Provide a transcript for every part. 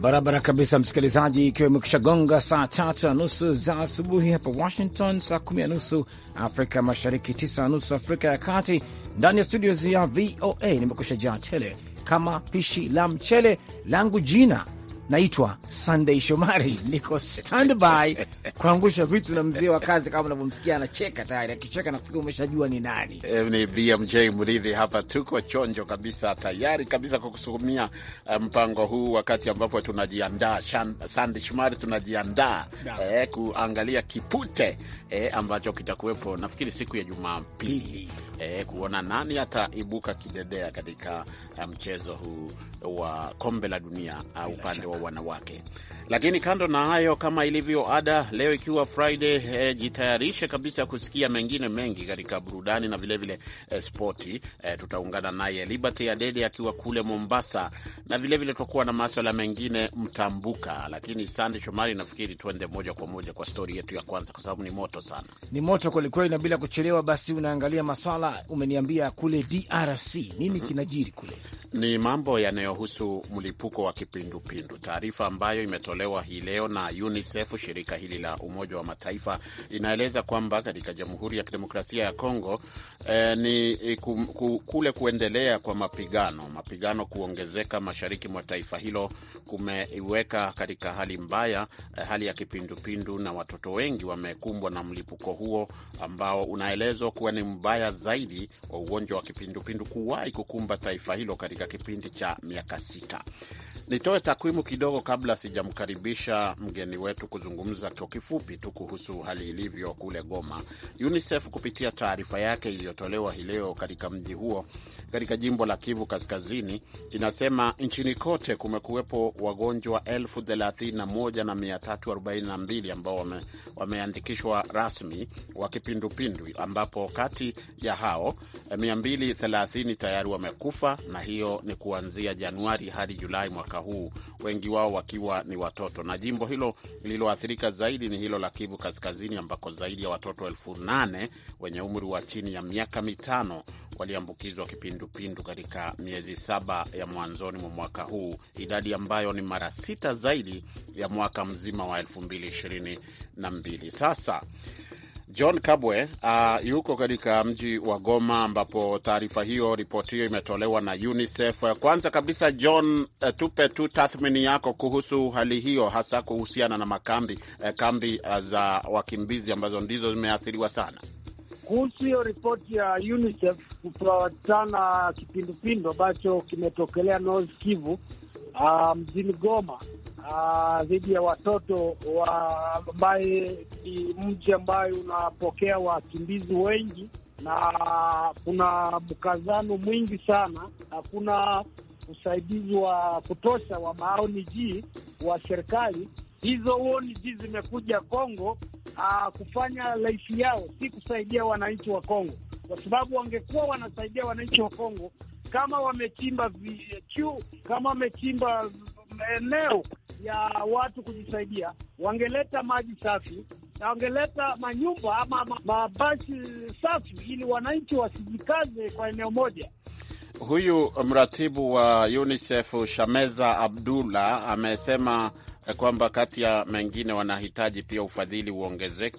barabara kabisa, msikilizaji, ikiwa imekwisha gonga saa tatu na nusu za asubuhi hapa Washington, saa kumi na nusu Afrika Mashariki, tisa na nusu Afrika ya Kati. Ndani ya studio ya VOA nimekusha jaa tele kama pishi la mchele langu jina naitwa Sunday Shomari, niko standby kuangusha vitu na mzee wa kazi, kama unavyomsikia anacheka tayari. Akicheka nafikiri umeshajua ni nani. Eh, ni BMJ Mridhi hapa, tuko chonjo kabisa, tayari kabisa kwa kusukumia eh, mpango huu, wakati ambapo tunajiandaa Sunday Shomari, tunajiandaa eh, kuangalia kipute eh, ambacho kitakuwepo nafikiri siku ya Jumapili eh, kuona nani ataibuka kidedea katika eh, mchezo huu wa kombe la dunia ah, upande wa wanawake. Lakini kando na hayo, kama ilivyo ada, leo ikiwa Friday, eh, jitayarishe kabisa kusikia mengine mengi katika burudani na vilevile vile, eh, spoti. Eh, tutaungana naye Liberty Adede akiwa kule Mombasa na vilevile tutakuwa na maswala mengine mtambuka. Lakini Sande Shomari, nafikiri tuende moja kwa moja kwa stori yetu ya kwanza, kwa sababu ni moto sana, ni moto kwelikweli, na bila kuchelewa, basi unaangalia maswala umeniambia kule DRC nini mm -hmm. kinajiri kule ni mambo yanayohusu mlipuko wa kipindupindu Taarifa ambayo imetolewa hii leo na UNICEF, shirika hili la Umoja wa Mataifa, inaeleza kwamba katika Jamhuri ya Kidemokrasia ya Kongo eh, ni eh, ku, ku, kule kuendelea kwa mapigano mapigano kuongezeka mashariki mwa taifa hilo kumeiweka katika hali mbaya, eh, hali ya kipindupindu, na watoto wengi wamekumbwa na mlipuko huo ambao unaelezwa kuwa ni mbaya zaidi wa ugonjwa wa kipindupindu kuwahi kukumba taifa hilo katika kipindi cha miaka sita. Nitoe takwimu kidogo kabla sijamkaribisha mgeni wetu kuzungumza kwa kifupi tu kuhusu hali ilivyo kule Goma. UNICEF kupitia taarifa yake iliyotolewa hii leo katika mji huo katika jimbo la Kivu Kaskazini inasema nchini kote kumekuwepo wagonjwa 31342 ambao wame, wameandikishwa rasmi wa kipindupindu, ambapo kati ya hao 230 eh, tayari wamekufa, na hiyo ni kuanzia Januari hadi Julai mwaka huu, wengi wao wakiwa ni watoto. Na jimbo hilo lililoathirika zaidi ni hilo la Kivu Kaskazini ambako zaidi ya watoto elfu nane wenye umri wa chini ya miaka mitano waliambukizwa kipindupindu kipindupindu katika miezi saba ya mwanzoni mwa mwaka huu, idadi ambayo ni mara sita zaidi ya mwaka mzima wa 2022. Sasa John Kabwe uh, yuko katika mji wa Goma ambapo taarifa hiyo, ripoti hiyo imetolewa na UNICEF. Kwanza kabisa John, uh, tupe tu tathmini yako kuhusu hali hiyo, hasa kuhusiana na makambi uh, kambi uh, za wakimbizi ambazo ndizo zimeathiriwa sana kuhusu hiyo ripoti ya UNICEF kutoa kipindupindu ambacho kimetokelea North Kivu ah, mjini um, Goma ah, dhidi uh, ya watoto ambaye wa ni mji ambayo unapokea wakimbizi wengi na kuna mkazano mwingi sana. Hakuna usaidizi wa kutosha wa maoni ji wa serikali. Hizo jii zimekuja Kongo uh, kufanya laifi yao si kusaidia wananchi wa Kongo, kwa sababu wangekuwa wanasaidia wananchi wa Kongo kama wamechimba VQ, kama wamechimba eneo ya watu kujisaidia, wangeleta maji safi na wangeleta manyumba ama mabasi safi, ili wananchi wasijikaze kwa eneo moja. Huyu mratibu wa UNICEF Shameza Abdullah amesema kwamba kati ya mengine wanahitaji pia ufadhili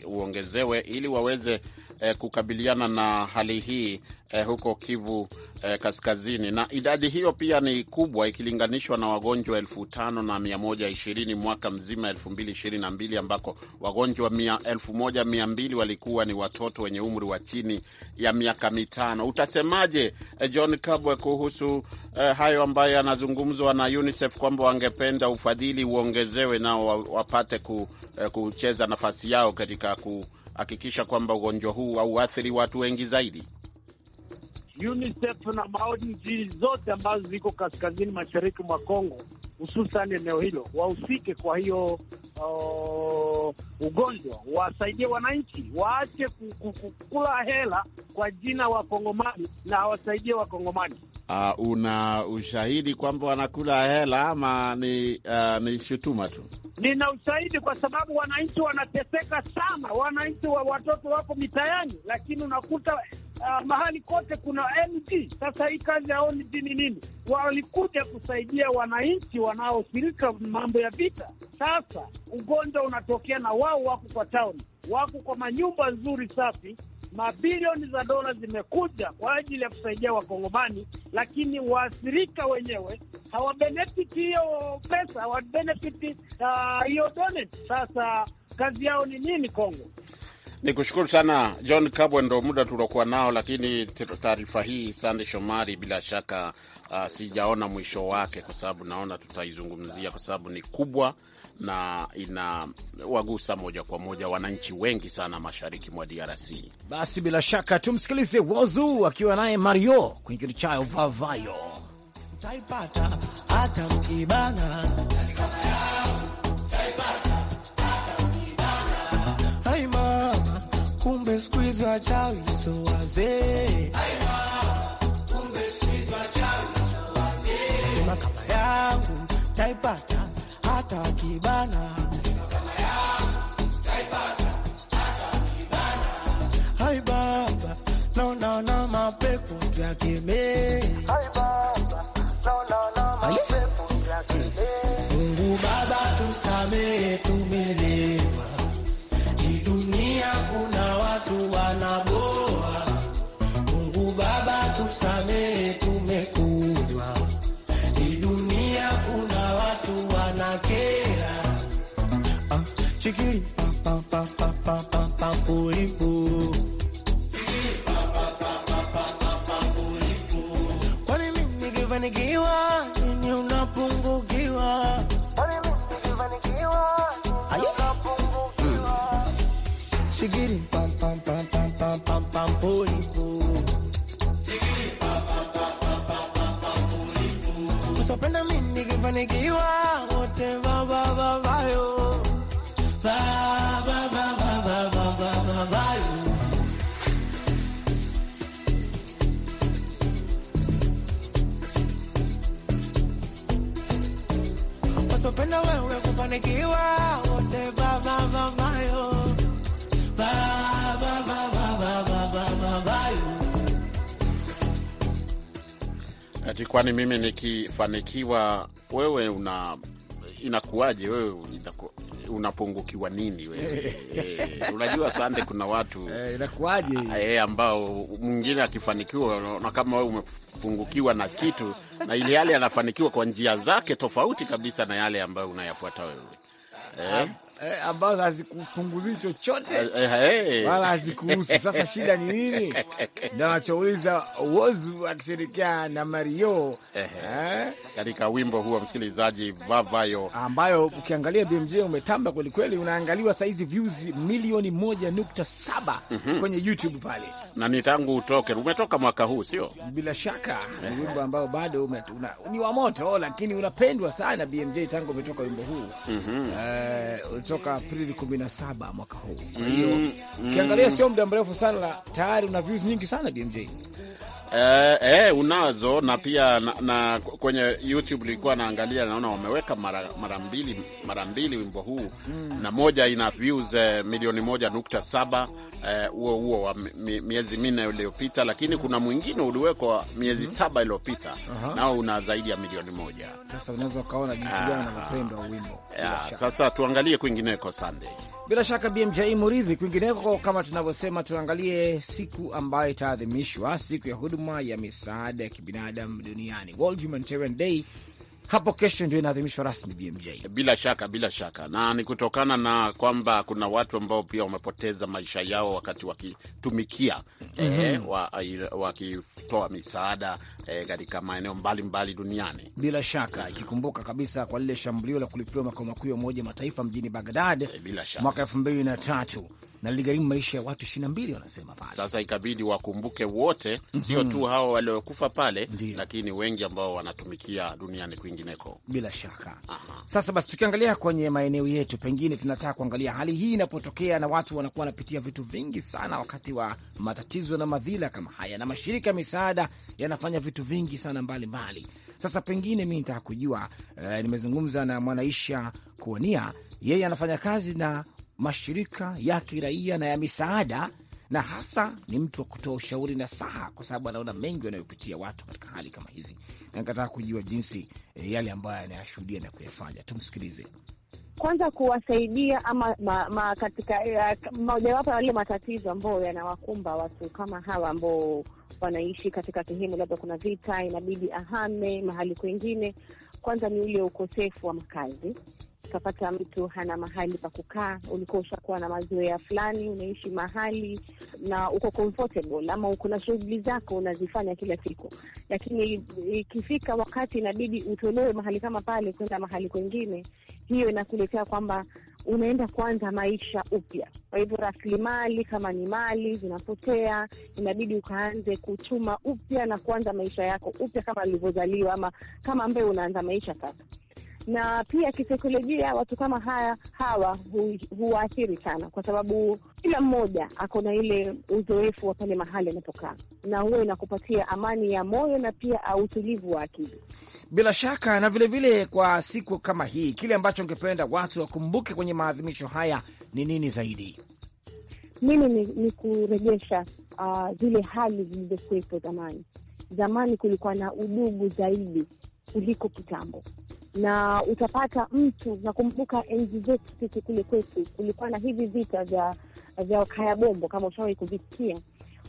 uongezewe ili waweze eh, kukabiliana na hali hii eh, huko Kivu eh, kaskazini, na idadi hiyo pia ni kubwa ikilinganishwa na wagonjwa elfu tano na mia moja ishirini mwaka mzima elfu mbili ishirini na mbili ambako wagonjwa elfu moja mia mbili walikuwa ni watoto wenye umri wa chini ya miaka mitano. Utasemaje eh, John Kabwe kuhusu eh, hayo ambayo yanazungumzwa na UNICEF kwamba wangependa ufadhili uongezewe nao wapate ku, eh, kucheza nafasi yao katika ku hakikisha kwamba ugonjwa huu hauathiri watu wengi zaidi? UNICEF na maonji zote ambazo ziko kaskazini mashariki mwa Kongo hususan eneo hilo wahusike. Kwa hiyo uh, ugonjwa, wasaidie wananchi, waache kukula hela kwa jina wakongomani na hawasaidie wakongomani. Uh, una ushahidi kwamba wanakula hela ama ni, uh, ni shutuma tu? Nina ushahidi kwa sababu wananchi wanateseka sana, wananchi wa watoto wako mitaani, lakini unakuta Uh, mahali kote kuna MD. Sasa hii kazi ya ONG ni nini? Walikuja kusaidia wananchi wanaoshirika mambo ya vita. Sasa ugonjwa unatokea na wa wao wako kwa tauni, wako kwa manyumba nzuri safi. Mabilioni za dola zimekuja kwa ajili ya kusaidia Wakongomani, lakini waathirika wenyewe hawabenefiti hiyo pesa, hawabenefiti uh, hiyo uh, donate. Sasa kazi yao ni nini Kongo? Ni kushukuru sana John Kabwe, ndo muda tuliokuwa nao, lakini taarifa hii Sande Shomari, bila shaka uh, sijaona mwisho wake, kwa sababu naona tutaizungumzia kwa sababu ni kubwa na inawagusa moja kwa moja wananchi wengi sana mashariki mwa DRC. Basi bila shaka tumsikilize Wozu akiwa naye Mario kwenye kitu chayo vavayo taipata hata mkibana kumbe siku hizi wachawi so wazee kama yangu taipata hata kibana, hai baba naonaona mapepo yakemee Unachopenda wewe kufanikiwa wote baba baba yo ati kwani mimi nikifanikiwa wewe una inakuwaje wewe inaku, unapungukiwa nini wewe? E, unajua sande, kuna watu e, inakuwaje e, ambao mwingine akifanikiwa na kama wewe kupungukiwa na kitu, na ili yale yanafanikiwa kwa njia zake tofauti kabisa na yale ambayo unayafuata wewe. Eh, eh, ambazo hazikupunguzii chochote eh, eh, eh. wala hazikuhusu. Sasa shida ni nini? Ndio anachouliza Wozu akishirikiana na Mario eh, katika wimbo huo msikilizaji, Vavayo ambayo ukiangalia BMJ umetamba kwelikweli, unaangaliwa saizi views milioni moja nukta saba mm -hmm. kwenye YouTube pale, na ni tangu utoke, umetoka mwaka huu sio? Bila shaka ni wimbo ambao bado ni wa moto, lakini unapendwa sana BMJ tangu umetoka wimbo huu mm -hmm. eh, kutoka Aprili 17 mwaka huu. Kwa mm, hiyo mm. ukiangalia mm, sio muda mrefu sana, tayari una views nyingi sana DMJ. Eh, eh, unazo na pia na, na kwenye YouTube nilikuwa naangalia, naona wameweka mara, mara mbili mara mbili wimbo huu mm, na moja ina views eh, milioni moja nukta saba Eh, huo uh, huo wa miezi minne uliopita, lakini kuna mwingine uliwekwa miezi mm -hmm. saba iliyopita uh -huh. nao una zaidi ya milioni moja. Sasa unaweza ukaona jinsi gani anapendwa wimbo. Ah, sasa tuangalie kwingineko Sunday. Bila shaka BMJ Muridhi, kwingineko kama tunavyosema, tuangalie siku ambayo itaadhimishwa, siku ya huduma ya misaada ya kibinadamu duniani, World Humanitarian Day hapo kesho ndio inaadhimishwa rasmi BMJ. Bila shaka, bila shaka, na ni kutokana na kwamba kuna watu ambao pia wamepoteza maisha yao wakati wakitumikia mm -hmm. eh, wakitoa misaada eh, katika maeneo mbalimbali duniani. Bila shaka ikikumbuka kabisa kwa lile shambulio la kulipiwa makao makuu ya Umoja Mataifa mjini Bagdad eh, mwaka elfu mbili na tatu na liligharimu maisha ya watu ishirini na mbili wanasema pale. Sasa ikabidi wakumbuke wote, mhm. sio tu hao waliokufa pale Ndiyo. lakini wengi ambao wanatumikia duniani kwingineko bila shaka. Aha. Sasa basi tukiangalia kwenye maeneo yetu, pengine tunataka kuangalia hali hii inapotokea, na watu wanakuwa wanapitia vitu vingi sana wakati wa matatizo na madhila kama haya, na mashirika ya misaada yanafanya vitu vingi sana mbalimbali mbali. Sasa pengine mi nitaka kujua eh, nimezungumza na Mwanaisha Kuonia, yeye anafanya kazi na mashirika ya kiraia na ya misaada, na hasa ni mtu wa kutoa ushauri na saha, kwa sababu anaona mengi wanayopitia watu katika hali kama hizi, na nikataka kujua jinsi eh, yale ambayo anayashuhudia na kuyafanya. Tumsikilize. Kwanza kuwasaidia ama ma, ma, katika eh, mojawapo ya wale matatizo ambayo yanawakumba watu kama hawa ambao wanaishi katika sehemu labda kuna vita, inabidi ahame mahali kwengine. Kwanza ni ule ukosefu wa makazi ukapata mtu hana mahali pa kukaa, ulikuwa ushakuwa na mazoea fulani, unaishi mahali na uko comfortable, ama uko na shughuli zako unazifanya kila siku, lakini ikifika wakati inabidi utolewe mahali kama pale kwenda mahali kwengine, hiyo inakuletea kwamba unaenda kuanza maisha upya. Kwa hivyo rasilimali kama ni mali zinapotea, inabidi ukaanze kuchuma upya na kuanza maisha yako upya kama ulivyozaliwa, ama kama ambaye unaanza maisha sasa na pia kisaikolojia watu kama haya hawa huwaathiri hu sana, kwa sababu kila mmoja ako na ile uzoefu wa pale mahali anapokaa, na huwa inakupatia amani ya moyo na pia au utulivu wa akili bila shaka. Na vilevile vile kwa siku kama hii, kile ambacho ungependa watu wakumbuke kwenye maadhimisho haya ni nini zaidi? Mimi ni, ni kurejesha uh, zile hali zilizokuwepo zamani. Zamani kulikuwa na udugu zaidi kuliko kitambo na utapata mtu. Nakumbuka enzi zetu sisi kule kwetu kulikuwa na hivi vita vya vya kaya bombo, kama ushawahi kuvisikia.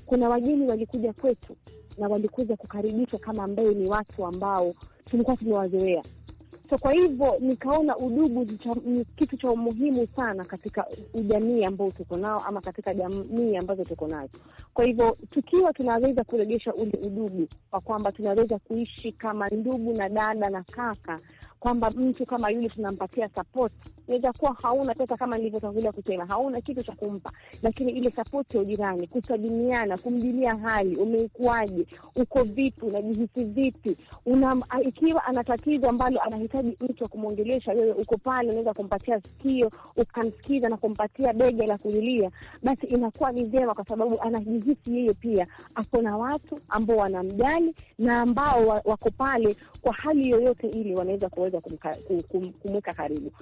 Kuna wageni walikuja kwetu na walikuja kukaribishwa kama ambaye ni watu ambao tulikuwa tumewazoea. So kwa hivyo nikaona udugu ni kitu cha umuhimu sana katika ujamii ambao tuko nao ama katika jamii ambazo tuko nazo. Kwa hivyo tukiwa tunaweza kuregesha ule udugu wa kwamba tunaweza kuishi kama ndugu na dada na kaka, kwamba mtu kama yule tunampatia support. Inaweza kuwa hauna pesa, kama nilivyotangulia kusema, hauna kitu cha kumpa, lakini ile support ya ujirani, kusalimiana, kumjulia hali, umeikuaje, uko vipi, unajihisi vipi, una ikiwa ana tatizo ambalo anahitaji mtu wa kumwongelesha, wewe uko pale, unaweza kumpatia sikio, ukamsikiza na kumpatia bega la kujulia, basi inakuwa ni vyema, kwa sababu anajihisi yeye pia ako na watu ambao wanamjali na ambao wako pale kwa hali yoyote ile wanaweza kuwa kuweza kumweka karibu.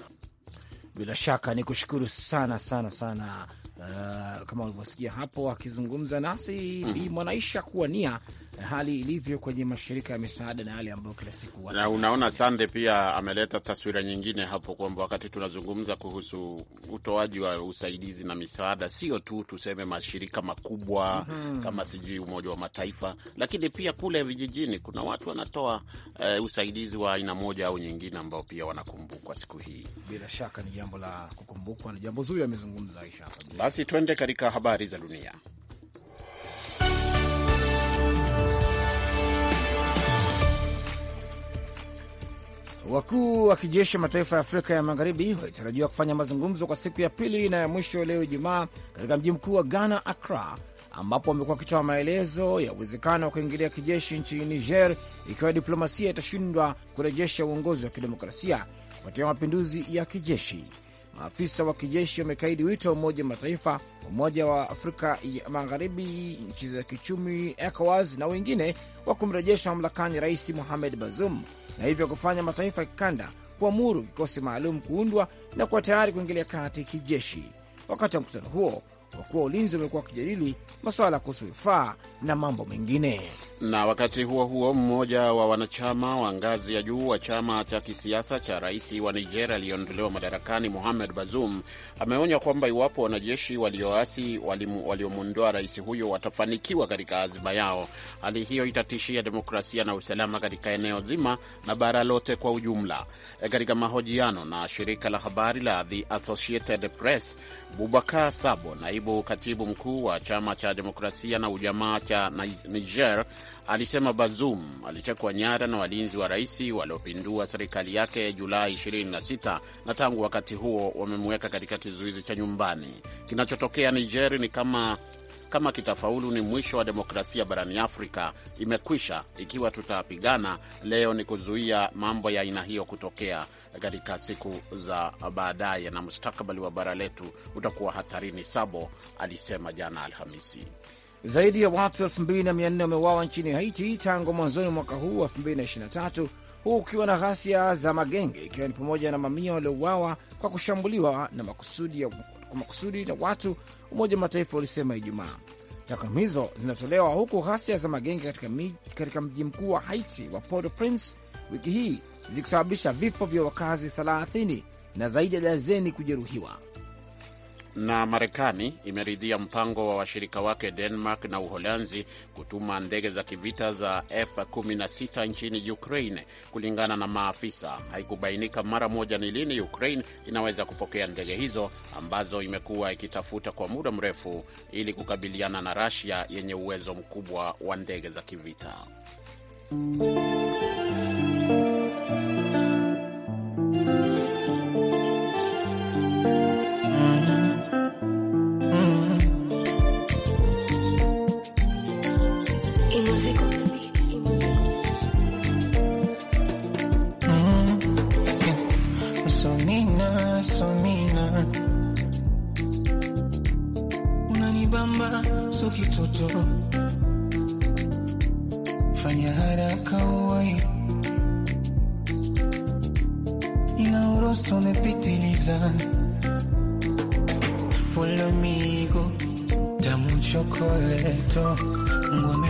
Bila shaka ni kushukuru sana sana sana Uh, kama ulivyosikia hapo akizungumza nasi mm -hmm. Mwanaisha kuwania eh, hali ilivyo kwenye mashirika ya misaada na yale ambayo kila siku na unaona, Sande pia ameleta taswira nyingine hapo kwamba wakati tunazungumza kuhusu utoaji wa usaidizi na misaada, sio tu tuseme mashirika makubwa mm -hmm. kama sijui Umoja wa Mataifa, lakini pia kule vijijini kuna watu wanatoa uh, usaidizi wa aina moja au nyingine ambao pia wanakumbukwa siku hii. Bila shaka ni jambo la kukumbukwa, na jambo zuri amezungumza Aisha hapa basi twende katika habari za dunia. Wakuu wa kijeshi mataifa ya Afrika ya Magharibi walitarajiwa kufanya mazungumzo kwa siku ya pili na ya mwisho leo Ijumaa katika mji mkuu wa Ghana, Accra, ambapo wamekuwa wakitoa maelezo ya uwezekano wa kuingilia kijeshi nchini Niger ikiwa diplomasia itashindwa kurejesha uongozi wa kidemokrasia kufuatia mapinduzi ya kijeshi. Maafisa wa kijeshi wamekaidi wito wa Umoja Mataifa, Umoja wa Afrika ya Magharibi, nchi za kichumi ECOWAS na wengine wa kumrejesha mamlakani Rais Mohamed Bazoum na hivyo kufanya mataifa ya kikanda kuamuru kikosi maalum kuundwa na kuwa tayari kuingilia kati kijeshi. Wakati wa mkutano huo kwa kuwa ulinzi umekuwa wakijadili masuala kuhusu vifaa na mambo mengine. Na wakati huo huo, mmoja wa wanachama wa ngazi ya juu wa chama cha kisiasa cha rais wa Nigeria aliyeondolewa madarakani Mohamed Bazoum ameonya kwamba iwapo wanajeshi walioasi waliomwondoa rais huyo watafanikiwa katika azima yao, hali hiyo itatishia demokrasia na usalama katika eneo zima na bara lote kwa ujumla. E, katika mahojiano na shirika la habari la The Associated Press, Bubakar Sabo na naibu katibu mkuu wa chama cha demokrasia na ujamaa cha Niger alisema Bazoum alitekwa nyara na walinzi wa rais waliopindua serikali yake Julai 26 na tangu wakati huo wamemweka katika kizuizi cha nyumbani. Kinachotokea Niger ni kama kama kitafaulu, ni mwisho wa demokrasia barani Afrika, imekwisha. Ikiwa tutapigana leo, ni kuzuia mambo ya aina hiyo kutokea katika siku za baadaye, na mustakabali wa bara letu utakuwa hatarini, Sabo alisema jana Alhamisi. Zaidi ya watu 2400 wameuawa nchini Haiti tangu mwanzoni mwaka huu 2023 huu ukiwa na ghasia za magenge, ikiwa ni pamoja na mamia waliouawa kwa kushambuliwa na makusudi ya kwa makusudi na watu, Umoja wa Mataifa ulisema Ijumaa. Takwimu hizo zinatolewa huku ghasia za magenge katika, katika mji mkuu wa Haiti wa Port-au-Prince wiki hii zikisababisha vifo vya wakazi 30 na zaidi ya dazeni kujeruhiwa. Na Marekani imeridhia mpango wa washirika wake Denmark na Uholanzi kutuma ndege za kivita za F16 nchini Ukraine, kulingana na maafisa. Haikubainika mara moja ni lini Ukraine inaweza kupokea ndege hizo ambazo imekuwa ikitafuta kwa muda mrefu ili kukabiliana na Russia yenye uwezo mkubwa wa ndege za kivita. Unanibamba so kitoto, fanya haraka uwai, inaoroso polomigo tamu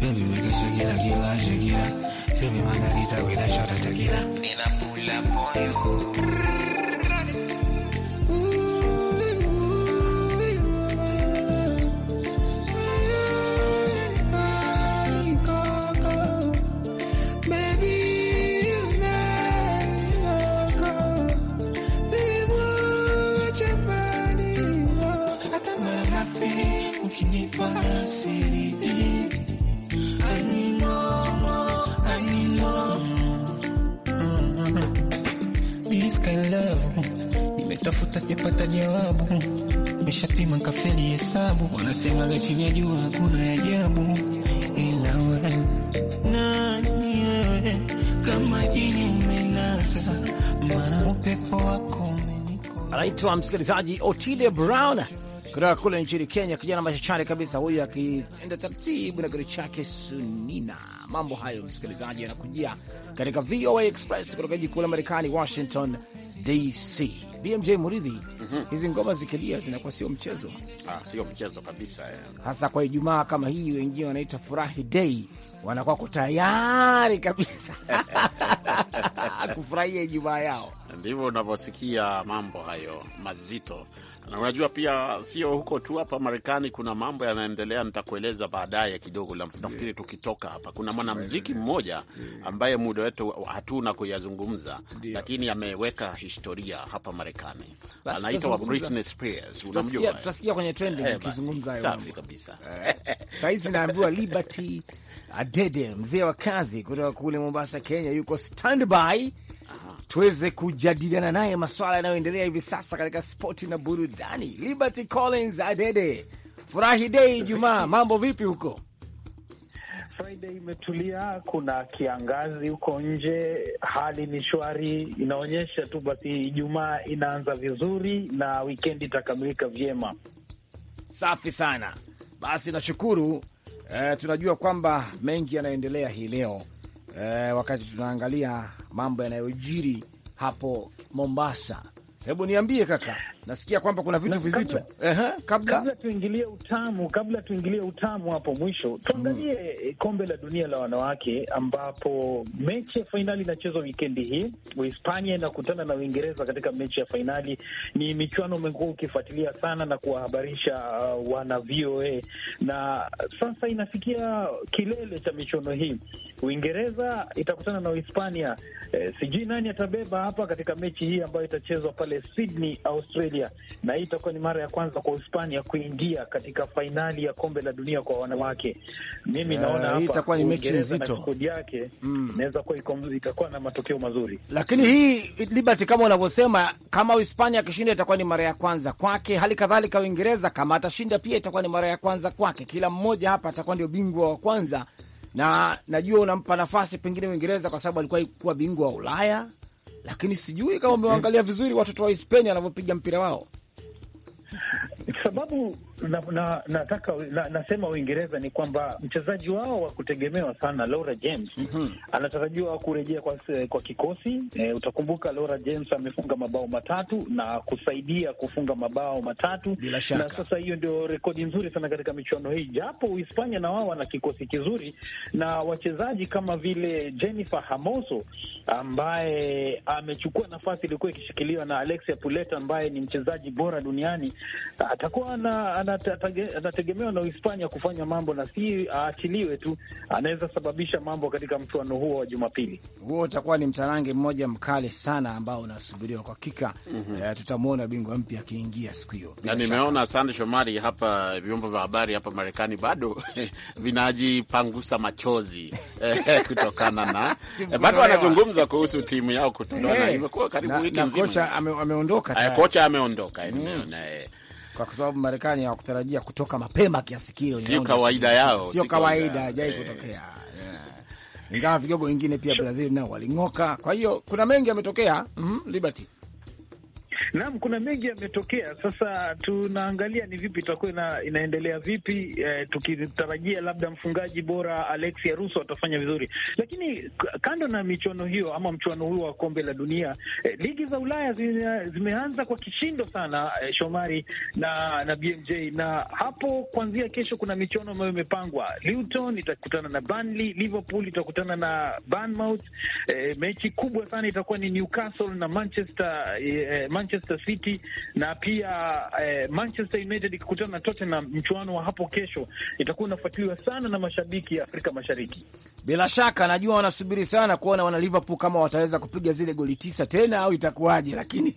Yo mi mala Shakira, que va Shakira. Yo mi mandarita, cuida, llora Shakira. Ni la pula pollo. nimetafuta sijapata jawabu, nimeshapima kafeli hesabu, wanasema gachi vya jua hakuna ajabu, ila wewe nani wewe, kama jini umenasa, mara upepo wako umenipo. Anaitwa msikilizaji Otile Brown kutoka kule nchini Kenya, kijana machachari kabisa huyu akienda taratibu na gari chake sunina. Mambo hayo msikilizaji, yanakujia katika VOA Express kutoka jiji kuu la Marekani, Washington DC. BMJ Muridhi, mm -hmm. hizi ngoma zikilia zinakuwa sio mchezo. Ah, sio mchezo kabisa eh. hasa kwa Ijumaa kama hii, wengine wanaita furahi dei, wanakuwako tayari kabisa kufurahia Ijumaa yao. Ndivyo unavyosikia mambo hayo mazito na unajua pia sio huko tu, hapa Marekani kuna mambo yanaendelea, nitakueleza baadaye kidogo, nafikiri yeah. Tukitoka hapa kuna mwanamuziki mmoja yeah. ambaye muda wetu hatuna kuyazungumza yeah. lakini ameweka historia hapa Marekani, anaitwa Britney Spears. Unamjua, tutasikia kwenye trending eh, ukizungumza hayo. Safi kabisa. Eh. Saizi naambiwa Liberty Adede, mzee wa kazi kutoka kule Mombasa, Kenya, yuko standby tuweze kujadiliana naye maswala yanayoendelea hivi sasa katika spoti na burudani. Liberty Collins Adede, furahi dei Ijumaa, mambo vipi huko? Friday imetulia, kuna kiangazi huko nje, hali ni shwari, inaonyesha tu basi Ijumaa inaanza vizuri na wikendi itakamilika vyema. Safi sana, basi nashukuru. Eh, tunajua kwamba mengi yanaendelea hii leo eh, wakati tunaangalia mambo yanayojiri hapo Mombasa. Hebu niambie kaka, nasikia kwamba kuna vitu vizito kabla, kabla, kabla tuingilie utamu, kabla tuingilie utamu hapo mwisho tuangalie mm, kombe la dunia la wanawake ambapo mechi ya fainali inachezwa wikendi hii. Uhispania inakutana na Uingereza katika mechi ya fainali. Ni michuano umekuwa ukifuatilia sana na kuwahabarisha uh, wana VOA na sasa inafikia kilele cha michuano hii. Uingereza itakutana na Uhispania. Eh, sijui nani atabeba hapa katika mechi hii ambayo itachezwa pale Sydney, Australia Australia, na hii itakuwa ni mara ya kwanza kwa Hispania kuingia katika fainali ya kombe la dunia kwa wanawake. Mimi eh, naona hapa itakuwa ni mechi nzito yake mm. inaweza kuwa itakuwa na matokeo mazuri, lakini hii Liberty, kama unavyosema, kama Hispania akishinda itakuwa ni mara ya kwanza kwake, hali kadhalika Uingereza kama atashinda pia itakuwa ni mara ya kwanza kwake. Kila mmoja hapa atakuwa ndio bingwa wa kwanza na najua unampa nafasi pengine Uingereza kwa sababu alikuwa kuwa bingwa wa Ulaya lakini sijui kama umewaangalia vizuri watoto wa Hispania wanavyopiga mpira wao. Sababu na, na, na, nasema Uingereza ni kwamba mchezaji wao wa kutegemewa sana Laura James mm -hmm. anatarajiwa kurejea kwa, eh, kwa kikosi e, utakumbuka Laura James amefunga mabao matatu na kusaidia kufunga mabao matatu, na sasa hiyo ndio rekodi nzuri sana katika michuano hii, japo Uhispania na wao wana kikosi kizuri na wachezaji kama vile Jennifer Hamoso ambaye amechukua nafasi iliokuwa ikishikiliwa na Alexia Puleta ambaye ni mchezaji bora duniani Ata atakuwa anategemewa na Uhispania kufanya mambo na si aachiliwe tu, anaweza sababisha mambo katika mchuano huo wa Jumapili. Huo utakuwa ni mtarange mmoja mkali sana ambao unasubiriwa kwa hakika. mm -hmm. E, eh, tutamwona bingwa mpya akiingia siku hiyo. Na nimeona Sande Shomari hapa vyombo vya habari hapa Marekani bado vinajipangusa machozi eh, kutokana na eh, bado wanazungumza kuhusu timu yao kutolewa, imekuwa karibu wiki nzima. Kocha ameondoka, kocha ameondoka mm kwa sababu Marekani hawakutarajia kutoka mapema kiasi kile. Sio kawaida yao, sio kawaida, hajai eh. kutokea eh. ingawa vigogo wengine pia Brazil nao waling'oka. Kwa hiyo kuna mengi yametokea. mm -hmm, Liberty Naam, kuna mengi yametokea. Sasa tunaangalia ni vipi itakuwa ina, inaendelea vipi eh, tukitarajia labda mfungaji bora Alexi Aruso atafanya vizuri, lakini kando na michuano hiyo ama mchuano huo wa kombe la dunia eh, ligi za Ulaya zime, zimeanza kwa kishindo sana eh, Shomari na na BMJ na hapo, kuanzia kesho kuna michuano ambayo imepangwa. Luton itakutana na Burnley, Liverpool itakutana na Bournemouth. Eh, mechi kubwa sana itakuwa ni Newcastle na Manchester, eh, Manchester eh, Manchester City na pia eh, Manchester United ikikutana na Tottenham. Mchuano wa hapo kesho itakuwa inafuatiliwa sana na mashabiki ya Afrika Mashariki. Bila shaka najua wanasubiri sana kuona wana Liverpool kama wataweza kupiga zile goli tisa tena au itakuwaje, lakini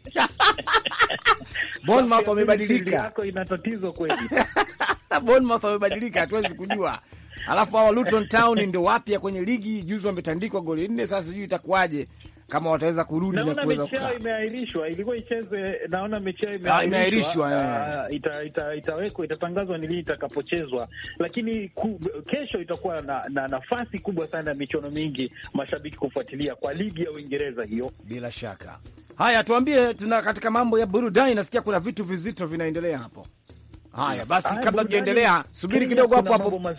Bournemouth wamebadilika. Ina tatizo kweli. Bournemouth wamebadilika, hatuwezi kujua. Alafu hawa Luton Town ndio wapya kwenye ligi, juzi wametandikwa goli nne, sasa sijui itakuwaje kama wataweza kurudi na kuweza kukaa. Naona mechi imeahirishwa, ilikuwa icheze, naona mechi ah, imeahirishwa, imeahirishwa uh, ita, ita, itawekwa itatangazwa ni lini itakapochezwa, lakini ku, kesho itakuwa na, na nafasi kubwa sana ya michuano mingi mashabiki kufuatilia kwa ligi ya Uingereza hiyo, bila shaka. Haya, tuambie, tuna katika mambo ya burudani, nasikia kuna vitu vizito vinaendelea hapo. Haya basi, ah, kabla tujaendelea, subiri kidogo hapo hapo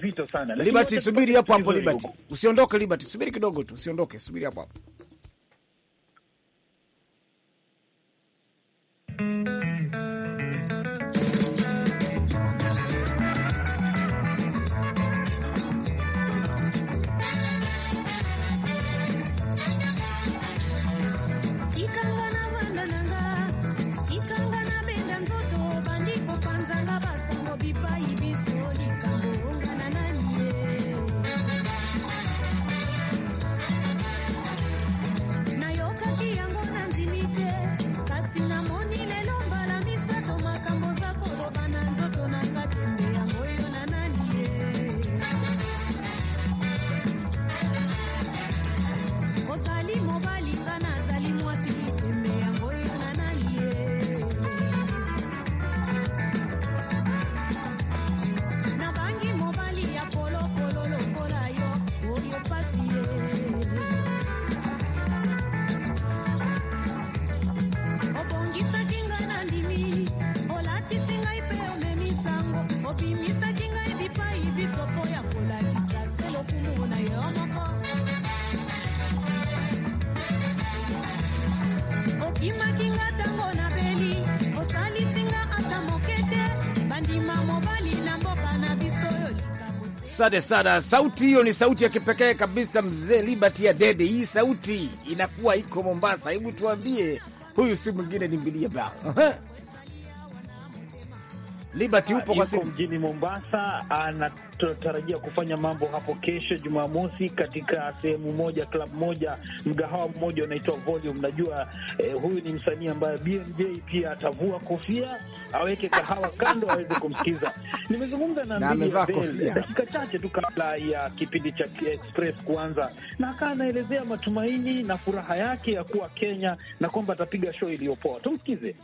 Liberty, subiri hapo hapo Liberty, usiondoke Liberty, subiri kidogo tu, usiondoke, subiri hapo hapo Asante sana. Sauti hiyo ni sauti ya kipekee kabisa, mzee Liberty ya Dede. Hii sauti inakuwa iko Mombasa. Hebu tuambie, huyu si mwingine, ni Mbilia Bao. Liberty ah, upo kwa siku mjini Mombasa, anatarajia kufanya mambo hapo kesho Jumamosi katika sehemu moja, club moja, mgahawa mmoja unaitwa Volume. Najua eh, huyu ni msanii ambaye BMJ pia atavua kofia aweke kahawa kando aweze kumsikiza. Nimezungumza na amevaa dakika chache tu kabla ya kipindi cha Express kuanza, na akaa anaelezea matumaini na furaha yake ya kuwa Kenya na kwamba atapiga show iliyopoa. Tumsikize.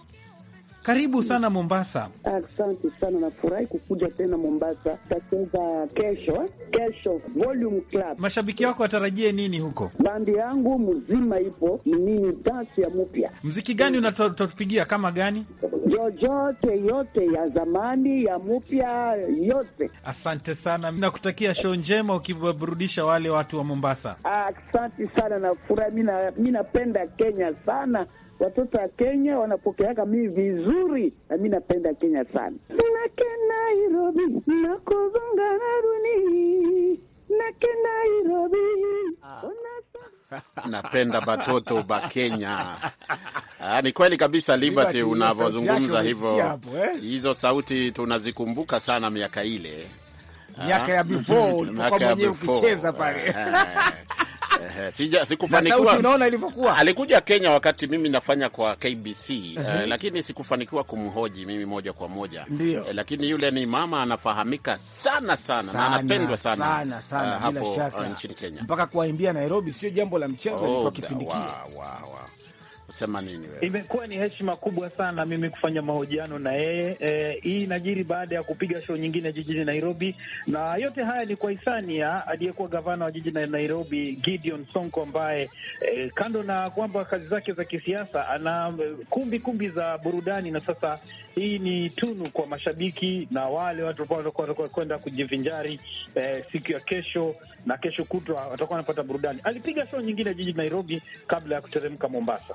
Karibu sana Mombasa. Asante sana, nafurahi kukuja tena Mombasa. Tacheza kesho, kesho Volume Club. Mashabiki wako watarajie nini huko? Bandi yangu mzima ipo, nini dansi ya mpya. Mziki gani unatupigia? Kama gani? Yoyote yote ya zamani ya mpya yote. Asante sana, nakutakia show njema, ukiwaburudisha wale watu wa Mombasa. Asante sana, nafurahi. Mi napenda Kenya sana watoto wa Kenya wanapokeaga mimi vizuri, na mimi napenda Kenya sana. Nake Nairobi nakuzunga naruni nake Nairobi ah. napenda batoto ba Kenya. Ah, ni kweli kabisa Liberty, unavyozungumza hivyo, eh? hizo sauti tunazikumbuka sana miaka ile, miaka ya ah. before ulipokuwa mwenyewe ukicheza pale ah, eh. eh, sija sikufanikiwa. Unaona ilivyokuwa, alikuja Kenya wakati mimi nafanya kwa KBC eh, lakini sikufanikiwa kumhoji mimi moja kwa moja eh, lakini yule ni mama anafahamika sana sana, sana na anapendwa sana, sana, sana, uh, hapo eh, nchini Kenya mpaka kuwaimbia Nairobi sio jambo la mchezo, oh, ilikuwa kipindi kile kusema nini wewe? Imekuwa ni heshima kubwa sana mimi kufanya mahojiano na yeye. E, hii inajiri baada ya kupiga show nyingine jijini Nairobi, na yote haya ni kwa hisani ya aliyekuwa gavana wa jiji la Nairobi Gideon Sonko, ambaye e, kando na kwamba kazi zake za kisiasa ana e, kumbi kumbi za burudani na sasa hii ni tunu kwa mashabiki na wale watu kwenda kujivinjari eh, siku ya kesho na kesho kutwa watakuwa wanapata burudani. Alipiga show nyingine jiji Nairobi kabla ya kuteremka Mombasa.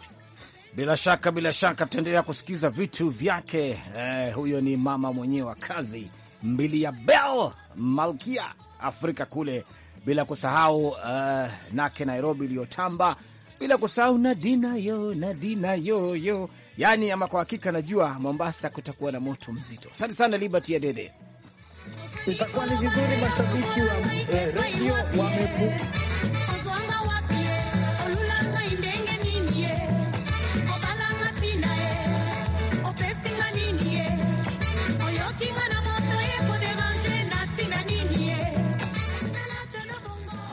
Bila shaka, bila shaka tutaendelea kusikiza vitu vyake. Eh, huyo ni mama mwenyewe wa kazi mbili ya bel malkia Afrika kule, bila kusahau uh, nake Nairobi iliyotamba, bila kusahau nadina yo nadina yo. Yaani ama kwa hakika najua Mombasa kutakuwa na moto mzito. Asante sana Liberty ya Dede. Itakuwa ni vizuri mashabiki wa eh, redio wamepu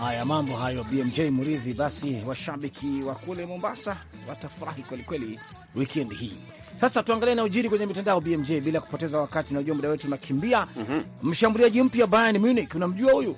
Haya, mambo hayo BMJ Muridhi. Basi washabiki wa kule Mombasa watafurahi kwelikweli wikendi hii. Sasa tuangalie na ujiri kwenye mitandao BMJ, bila kupoteza wakati, najua muda wetu unakimbia. mm -hmm. Mshambuliaji mpya Bayern Munich, unamjua huyu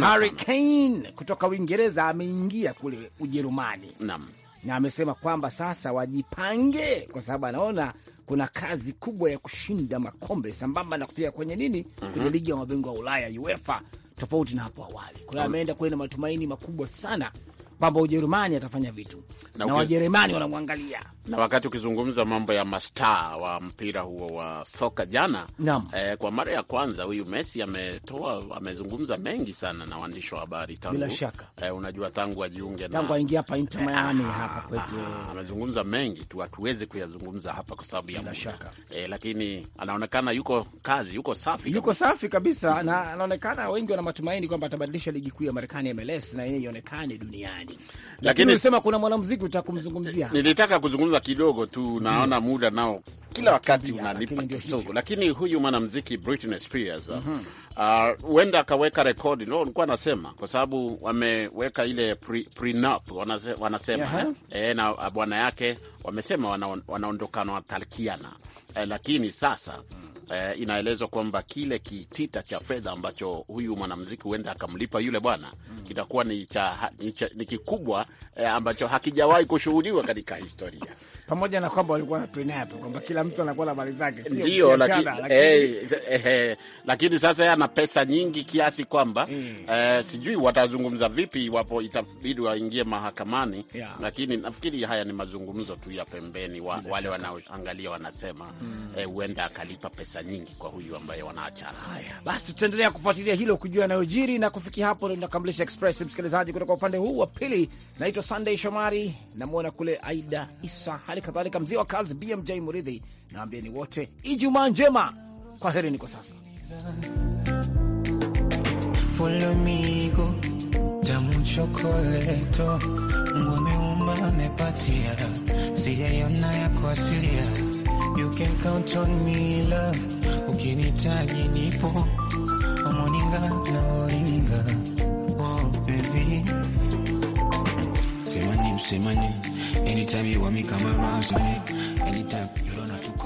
Harry Kane kutoka Uingereza, ameingia kule Ujerumani Nam. na amesema kwamba sasa wajipange, kwa sababu anaona kuna kazi kubwa ya kushinda makombe sambamba na kufika kwenye nini, mm -hmm. kwenye ligi ya mabingwa wa Ulaya UEFA, tofauti na hapo awali. Kwa hiyo ameenda kule na matumaini makubwa sana kwamba Ujerumani atafanya vitu na, na Wajerumani wanamwangalia na wakati ukizungumza mambo ya mastaa wa mpira huo wa soka jana eh, kwa mara ya kwanza huyu Messi ametoa amezungumza mengi sana na waandishi wa habari tangu, bila shaka eh, unajua tangu ajiunge na tangu aingia hapa Inter eh, Miami hapa ah, kwetu ah, amezungumza mengi tu, hatuwezi kuyazungumza hapa kwa sababu ya bila shaka eh, lakini anaonekana yuko kazi, yuko safi, yuko kabisa, safi kabisa na anaonekana wengi wana matumaini kwamba atabadilisha ligi kuu ya Marekani MLS na yeye ionekane duniani, lakini unasema kuna mwanamuziki utakumzungumzia nilitaka kuzungumza tumezungumza kidogo tu, naona mm-hmm. muda nao kila wakati unalipa kisogo, lakini huyu mwanamuziki Britney Spears uh, mm-hmm. uh, huenda uh, akaweka rekodi no, nilikuwa nasema kwa sababu wameweka ile pre, prenup wanasema, wanasema yeah, eh, na uh, bwana yake wamesema wanaondokana, watalikiana eh, lakini sasa eh, inaelezwa kwamba kile kitita cha fedha ambacho huyu mwanamuziki huenda akamlipa yule bwana mm. kitakuwa ni, cha, ni, cha, ni kikubwa eh, ambacho hakijawahi kushuhudiwa katika historia pamoja na kwamba walikuwa na prenup kwamba kila mtu anakuwa na mali zake, ndio lakini, eh, eh, eh, lakini sasa ana pesa nyingi kiasi kwamba mm, eh, sijui watazungumza vipi iwapo itabidi waingie mahakamani yeah. Lakini nafikiri haya ni mazungumzo tu ya pembeni wa, wale wanaoangalia wanasema huenda mm, eh, akalipa pesa nyingi kwa huyu ambaye wanaachana. Haya basi, tutaendelea kufuatilia hilo kujua yanayojiri na kufikia hapo ndo tunakamilisha Express msikilizaji, kutoka upande huu wa pili. Naitwa Sunday Shomari, namwona kule Aida Isa hali kadhalika mzee wa kazi BMJ Muridhi, ni wote Ijumaa njema, kwa herini kwa sasa. Tamu chokoleto amepatia, sijaiona yako asilia. You can count on me love, ukinitaji nipo Omoninga na olinga. Oh baby, semani msemani Anytime you want me, come around Anytime.